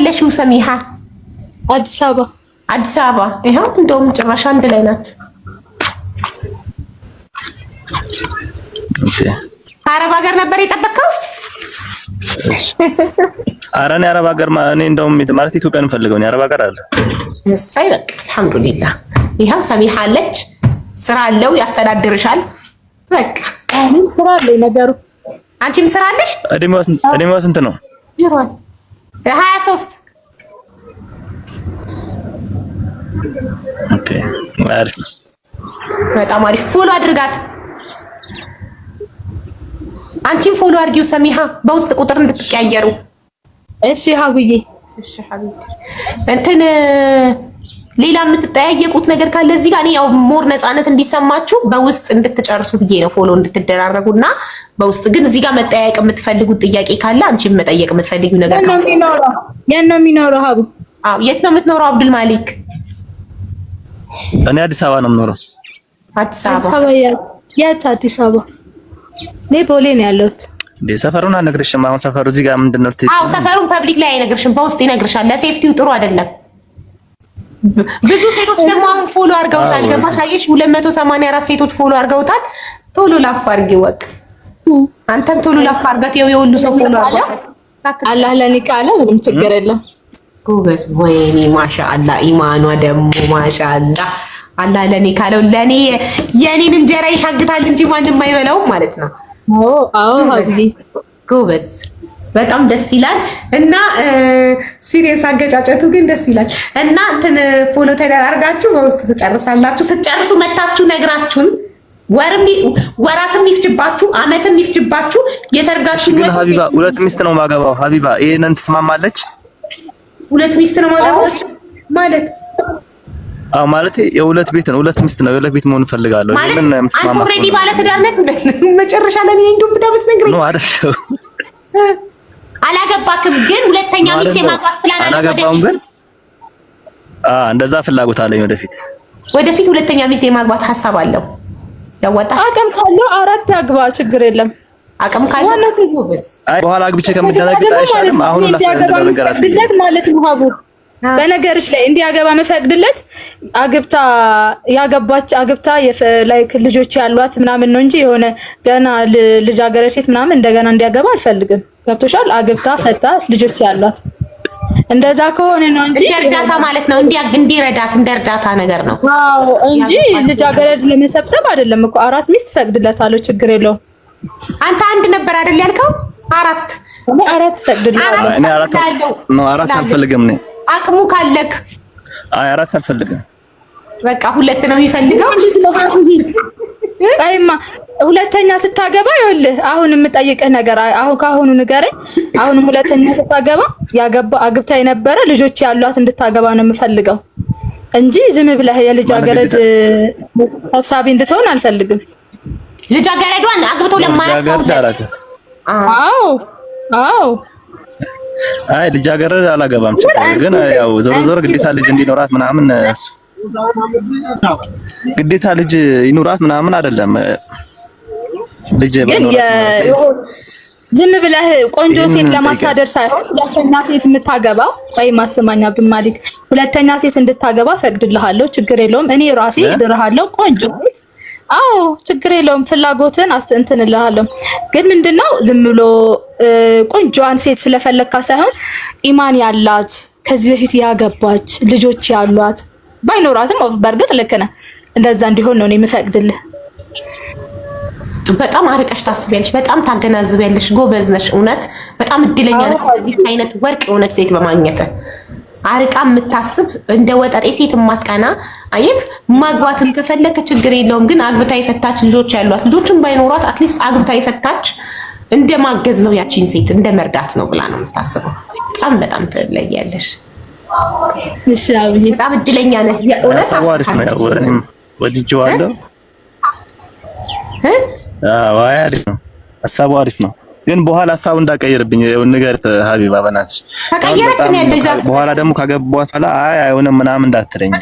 ያለሽው ሰሚሃ? አዲስ አበባ አዲስ አበባ። ይኸው እንደውም ጭራሽ አንድ ላይ ናት። አረብ ሀገር ነበር የጠበቀው? ኧረ እኔ አረብ ሀገር እኔ እንደውም ማለት ኢትዮጵያን እንፈልገው እኔ አረብ ሀገር አለ እሰይ በቃ አልሐምዱሊላ። ይኸው ሰሚሃ አለች፣ ስራ አለው፣ ያስተዳድርሻል። በቃ ምን ስራ አለ ነገሩ። አንቺም ስራ አለሽ? እድሜዋ ስንት ነው? ይሯል ሀያ ሦስት በጣም አሪፍ ፎሎ አድርጋት። አንቺን ፎሎ አድርጊው ሰሚሃ በውስጥ ቁጥር እንድትቀያየሩ። እሺ ሀብዬ፣ እሺ ሀብዬ እንትን ሌላ የምትጠያየቁት ነገር ካለ እዚህ ጋር እኔ ያው ሞር ነፃነት እንዲሰማችሁ በውስጥ እንድትጨርሱ ብዬ ነው ፎሎ እንድትደራረጉ እና በውስጥ ግን እዚህ ጋር መጠያየቅ የምትፈልጉት ጥያቄ ካለ አንቺ መጠየቅ የምትፈልጊው ነገር የት ነው የሚኖረው ሀቡ? አዎ የት ነው የምትኖረው አብዱል ማሊክ? እኔ አዲስ አበባ ነው የምኖረው። አዲስ አበባ የት? አዲስ አበባ እኔ ቦሌ ነው ያለሁት። ሰፈሩን አልነግርሽም። አሁን ሰፈሩ እዚህ ጋር ምንድን ነው? አዎ ሰፈሩን ፐብሊክ ላይ አይነግርሽም፣ በውስጥ ይነግርሻል። ለሴፍቲው ጥሩ አይደለም። ብዙ ሴቶች ደግሞ አሁን ፎሎ አድርገውታል። ገባሽ አየሽ? 284 ሴቶች ፎሎ አድርገውታል። ቶሎ ላፍ አድርጊ ወቅ አንተም ቶሎ ላፍ አድርጋት። ይኸው የሁሉ ሰው ፎሎ አድርገው አላህ ለኔ ካለ ምንም ችግር የለም። ጎበዝ ወይኔ ማሻአላ ኢማኗ ደግሞ ማሻአላ አላህ ለኔ ካለው ለኔ የኔን እንጀራ ይሻግታል እንጂ ማንም አይበላውም ማለት ነው። አዎ አዎ፣ ጎበዝ በጣም ደስ ይላል እና ሲሪየስ አገጫጨቱ ግን ደስ ይላል እና እንትን ፎሎ ተደራርጋችሁ በውስጥ ትጨርሳላችሁ። ስትጨርሱ መታችሁ ነግራችሁን ወራትም ይፍጅባችሁ አመትም ይፍጅባችሁ የሰርጋችሁ ግን ሀቢባ ሁለት ሚስት ነው ማገባው። ሀቢባ ይሄንን ትስማማለች? ሁለት ሚስት ነው ማገባው ማለት አዎ ማለት የሁለት ቤት ነው። ሁለት ሚስት ነው። የሁለት ቤት መሆን ፈልጋለሁ። ይሄንን አንተ ኦልሬዲ ባለ ትዳር ነህ። መጨረሻ ለኔ እንዱ ዳብት ነግረኝ ነው አይደል? አላገባክም፣ ግን ሁለተኛ ሚስት የማግባት ፕላን አለ። አላገባም፣ ግን እንደዛ ፍላጎት አለኝ። ወደፊት ወደፊት ሁለተኛ ሚስት የማግባት ሀሳብ አለው። ያዋጣሽ አቅም ካለው አራት ያግባ፣ ችግር የለም። አቅም ካለው በኋላ አግብቼ ከምደነግጥ አይሻልም? አሁን ላስተዳደር ነገር አለ ማለት ነው ሀቡ በነገርሽ ላይ እንዲያገባ መፈቅድለት አግብታ ያገባች አግብታ ላይክ ልጆች ያሏት ምናምን ነው እንጂ የሆነ ገና ልጃገረድ ሴት ምናምን እንደገና እንዲያገባ አልፈልግም። ገብቶሻል? አግብታ ፈታ ልጆች ያሏት እንደዛ ከሆነ ነው እንጂ እርዳታ ማለት ነው እንዲረዳት እንደ እርዳታ ነገር ነው። አዎ እንጂ ልጃገረድ ለመሰብሰብ አይደለም እኮ አራት ሚስት ፈቅድለታለሁ። ችግር የለውም። አንተ አንድ ነበር አይደል ያልከው? አራት አራት ፈቅድለታለሁ። አራት አልፈልግም ነው አቅሙ ካለክ። አይ አራት አልፈልግም። በቃ ሁለት ነው የሚፈልገው። አይማ ሁለተኛ ስታገባ ይኸውልህ፣ አሁን የምጠይቅህ ነገር አሁን ካሁኑ ንገረኝ። አሁንም ሁለተኛ ስታገባ ያገባ አግብታ የነበረ ልጆች ያሏት እንድታገባ ነው የምፈልገው እንጂ ዝም ብለህ የልጃገረድ ሰብሳቢ እንድትሆን አልፈልግም። ልጃገረዷን አግብቶ ለማያውቅ አዎ፣ አዎ አይ ልጃገረድ አላገባም ችግር ግን ያው ዞሮ ዞሮ ግዴታ ልጅ እንዲኖራት ምናምን ግዴታ ልጅ ይኑራት ምናምን አይደለም። ልጅ ዝም ብለህ ቆንጆ ሴት ለማሳደር ሳይሆን ሁለተኛ ሴት የምታገባው ወይ ማሰማኛ ብማሊክ ሁለተኛ ሴት እንድታገባ ፈቅድልሃለሁ፣ ችግር የለውም። እኔ ራሴ ድርሃለሁ ቆንጆ ሴት አዎ ችግር የለውም። ፍላጎትን አስተንትንልሃለሁ። ግን ምንድነው ዝም ብሎ ቆንጆዋን ሴት ስለፈለግካ ሳይሆን ኢማን ያላት ከዚህ በፊት ያገባች ልጆች ያሏት ባይኖራትም፣ በእርግጥ ልክ ነህ። እንደዛ እንዲሆን ነው እኔ የምፈቅድልህ። በጣም አርቀሽ ታስቢያለሽ፣ በጣም ታገናዝቢያለሽ። ጎበዝ ነሽ። እውነት በጣም እድለኛ ነሽ፣ በዚህ አይነት ወርቅ የሆነች ሴት በማግኘት አርቃ የምታስብ እንደ ወጠጤ ሴት የማትቀና አየህ። ማግባትም ከፈለከ ችግር የለውም ግን አግብታ የፈታች ልጆች ያሏት ልጆችን ባይኖሯት አትሊስት አግብታ የፈታች እንደ ማገዝ ነው ያቺን ሴት እንደ መርዳት ነው ብላ ነው የምታስበው። በጣም በጣም ትለያለሽ። በጣም እድለኛ ነህ። የእውነት ወድጄዋለሁ። አሪፍ ነው፣ ሀሳቡ አሪፍ ነው። ግን በኋላ ሀሳቡ እንዳቀየርብኝ ነገር ሀቢባ በናትሽ ተቀየረችን ያለዛ በኋላ ደግሞ ካገባኋት በኋላ አይ አይሆንም ምናምን እንዳትለኝ።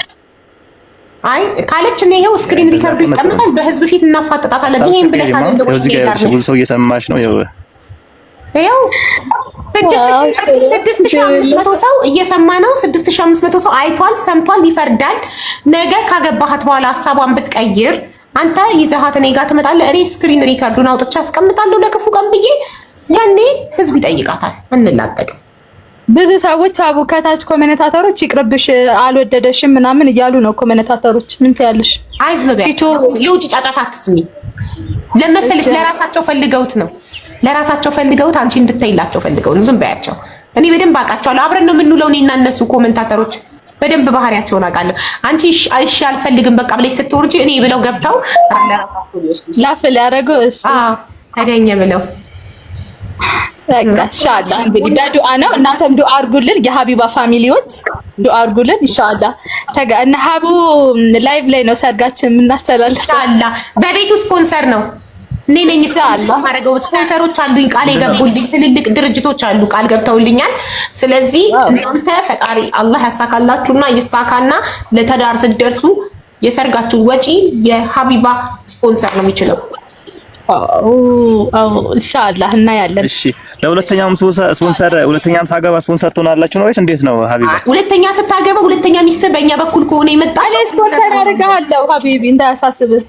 አይ ካለች እኔ ይሄው ስክሪን ሪከርዱ ይቀመጣል። በህዝብ ፊት እናፋጠጣታለን። ይሄን ብለሽ አለ ነው እዚህ ጋር ብዙ ሰው እየሰማሽ ነው። ይሄው ይሄው ስድስት ሺህ አምስት መቶ ሰው እየሰማ ነው። ስድስት ሺህ አምስት መቶ ሰው አይቷል፣ ሰምቷል፣ ይፈርዳል። ነገ ካገባሃት በኋላ ሀሳቧን ብትቀይር አንተ ይዘሃት እኔ ጋር ትመጣለህ፣ እኔ ስክሪን ሪከርዱን አውጥቼ አስቀምጣለሁ ለክፉ ቀን ብዬ። ያኔ ህዝብ ይጠይቃታል። እንላቀቅም። ብዙ ሰዎች አቡ ከታች ኮሜንታተሮች ይቅርብሽ፣ አልወደደሽም ምናምን እያሉ ነው ኮሜንታተሮች። ምን ትያለሽ? አይዝበቢያ የውጭ ጫጫታ አትስሚ። ለመሰለሽ ለራሳቸው ፈልገውት ነው ለራሳቸው ፈልገውት አንቺ እንድታይላቸው ፈልገው ነው። ዝም በያቸው። እኔ በደንብ አውቃቸዋለሁ። አብረን ነው የምንውለው እኔና እነሱ ኮመንታተሮች በደንብ ባህሪያቸውን አውቃለሁ። አንቺ እሺ አልፈልግም በቃ ብለሽ ስትወርጂ እኔ ብለው ገብተው ላፍ ሊያደርጉ ተገኘ ብለው በቃ ኢንሻአላ እንግዲህ በዱአ ነው። እናንተም ዱአ አድርጉልን የሀቢባ ፋሚሊዎች ዱአ አድርጉልን ኢንሻአላ። ተጋ እና ሀቡ ላይቭ ላይ ነው ሰርጋችን የምናስተላልፈው ኢንሻአላ። በቤቱ ስፖንሰር ነው እኔ ነኝ ማረገው። ስፖንሰሮች አሉኝ፣ ቃል የገቡልኝ ትልልቅ ድርጅቶች አሉ፣ ቃል ገብተውልኛል። ስለዚህ እናንተ ፈጣሪ አላህ ያሳካላችሁና ይሳካና ለተዳር ስትደርሱ የሰርጋችሁ ወጪ የሀቢባ ስፖንሰር ነው የሚችለው። ኢንሻአላህ እና ያለን። እሺ ለሁለተኛም ስፖንሰር ሁለተኛም ሳገባ ስፖንሰር ትሆናላችሁ ነው ወይስ እንዴት ነው ሀቢባ? ሁለተኛ ስታገባ ሁለተኛ ሚስት በእኛ በኩል ከሆነ ይመጣል። ስፖንሰር አደርግሃለሁ ሀቢቢ እንዳያሳስብህ።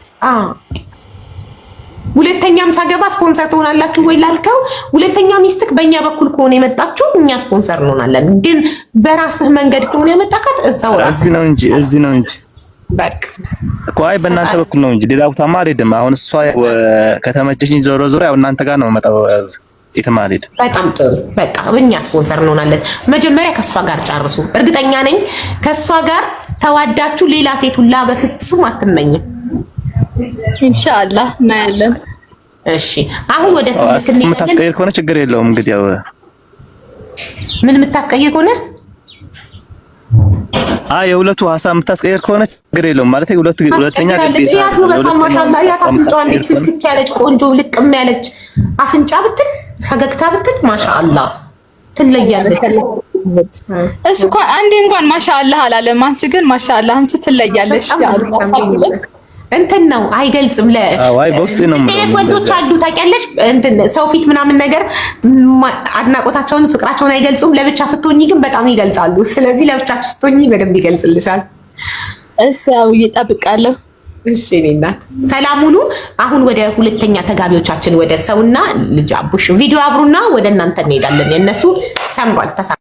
ሁለተኛም ሳገባ ስፖንሰር ትሆናላችሁ ወይ ላልከው፣ ሁለተኛ ሚስትክ በእኛ በኩል ከሆነ የመጣችሁ እኛ ስፖንሰር እንሆናለን። ግን በራስህ መንገድ ከሆነ የመጣካት እዛው እዚህ ነው እንጂ እዚህ ነው እንጂ በቃ እኮ በእናንተ በኩል ነው እንጂ ሌላ ቦታማ አልሄድም። አሁን እሷ ከተመቸሽኝ ዞሮ ዞሮ ያው እናንተ ጋር ነው መጣው የምመጣው። የተማሪድ በጣም ጥሩ በቃ እኛ ስፖንሰር እንሆናለን። መጀመሪያ ከእሷ ጋር ጨርሱ። እርግጠኛ ነኝ ከእሷ ጋር ተዋዳችሁ ሌላ ሴት ሁላ በፍጹም አትመኝም። ኢንሻአላህ እናያለን። እሺ አሁን ወደ የምታስቀይር ከሆነ ችግር የለውም። እንግዲህ ያው ምን የምታስቀይር ከሆነ አይ የሁለቱ ሀሳብ የምታስቀይር ከሆነ ችግር የለውም ማለት ሁለተኛ ግዴታ በጣም እንዴት ያለች ቆንጆ ልቅም ያለች አፍንጫ ብትል ፈገግታ ብትል ማሻአላህ ትለያለች። እሱ እንኳን አንዴ እንኳን ማሻአላህ አላለም። አንቺ ግን ማሻአላህ አንቺ ትለያለሽ እንትን ነው አይገልጽም። ወንዶች አሉ ታውቂያለሽ፣ እንትን ሰው ፊት ምናምን ነገር አድናቆታቸውን ፍቅራቸውን አይገልጹም። ለብቻ ስትሆኝ ግን በጣም ይገልጻሉ። ስለዚህ ለብቻችሁ ስትሆኝ በደንብ ይገልጽልሻል። እሺ፣ እሰው እየጠብቃለሁ። እሺ እኔ እናት ሰላም ሁኑ። አሁን ወደ ሁለተኛ ተጋቢዎቻችን ወደ ሰውና ልጅ አቡሽ ቪዲዮ አብሩና ወደ እናንተ እንሄዳለን። የእነሱ ሰምሯል ተሳ